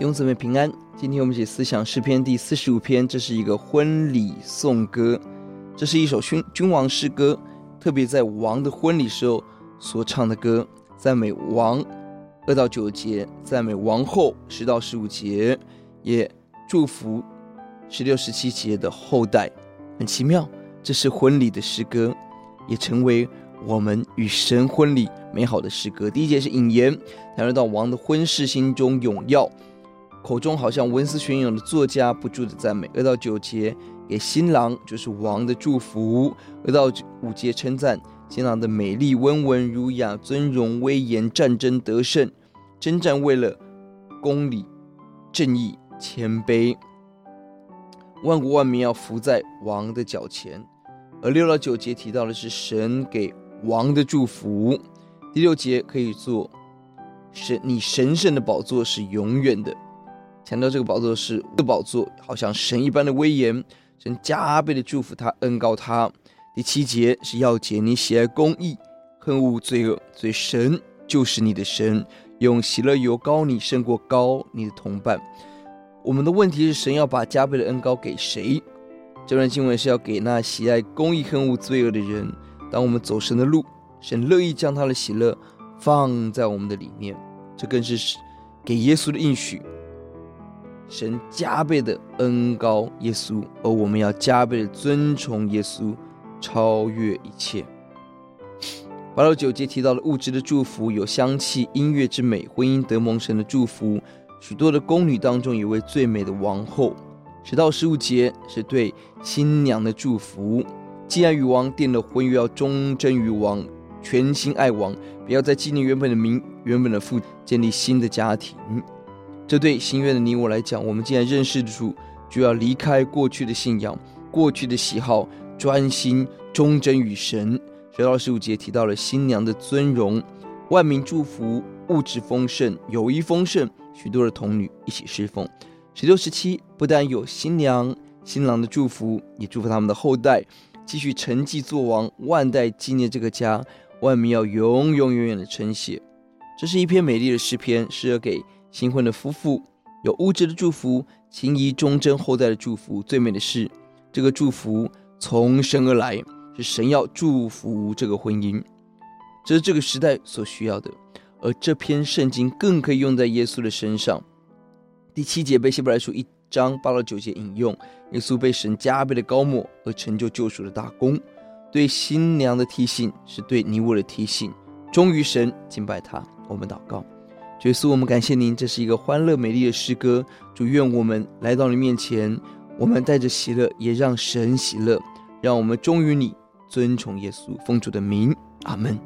弟兄姊妹平安，今天我們寫思想詩篇第四十五篇，這是一個婚禮頌歌，這是一首君君王詩歌，特別在王的婚禮時候所唱的歌，讚美王二到九節，讚美王后十到十五節，也祝福十六十七節的後代，很奇妙，這是婚禮的詩歌，也成為我們與神婚禮美好的詩歌。第一節是引言，談論到王的婚事，心中踴躍。口中好像文思泉湧的作家不住的讚美。二到九節給新郎就是王的祝福。二到五節稱讚新郎的美麗、溫文儒雅、尊榮威嚴、戰爭得勝、征戰為了公理、正義、謙卑，萬國萬民要伏在王的腳前。而六到九節提到的是神給王的祝福。第六節可以做神，你神聖的寶座是永遠的。強調這個寶座是的、這個、寶座，好像神一般的威嚴，神加倍的祝福他，恩膏他。第七節是要解你喜愛公義，恨惡罪惡，所以神就是你的神，用喜樂油膏你，勝過膏你的同伴。我們的問題是，神要把加倍的恩膏給誰？這段經文是要給那喜愛公義、恨惡罪惡的人。當我們走神的路，神樂意將他的喜樂放在我們的裡面，這更是給耶穌的應許。神加倍的恩膏耶穌，而我們要加倍的尊崇耶穌，超越一切。八到九節提到了物質的祝福，有香氣、音樂之美、婚姻得蒙神的祝福。許多的宮女當中，有位最美的王後。十到十五節是對新娘的祝福，既然與王定了婚約，要忠貞於王，全心愛王，不要再紀念原本的民、原本的父，建立新的家庭。這對心願的你我來講，我們既然認識的主，就要離開過去的信仰、過去的喜好，專心忠貞與神。十二到十五節提到了新娘的尊榮，萬民祝福，物質豐盛，友誼豐盛，許多的童女一起侍奉。十六十七不但有新娘新郎的祝福，也祝福他們的後代繼續承繼作王，萬代紀念這個家，萬民要永永遠遠的稱謝。這是一篇美麗的詩篇，適合給。新婚的夫婦有物質的祝福，情誼、忠貞後代的祝福。最美的是，這個祝福從神而來，是神要祝福這個婚姻。這是這個時代所需要的，而這篇聖經更可以用在耶穌的身上。第七節被希伯來書一章八到九節引用。耶穌被神加倍的膏抹而成就救贖的大功。對新娘的提醒，是對你我的提醒。忠於神，敬拜他。我們禱告。耶穌，我們感謝您，這是一個歡樂美麗的詩歌。祝願我們來到你面前，我們帶着喜樂，也讓神喜樂，讓我們忠於你，尊崇耶穌，奉主的名。阿門。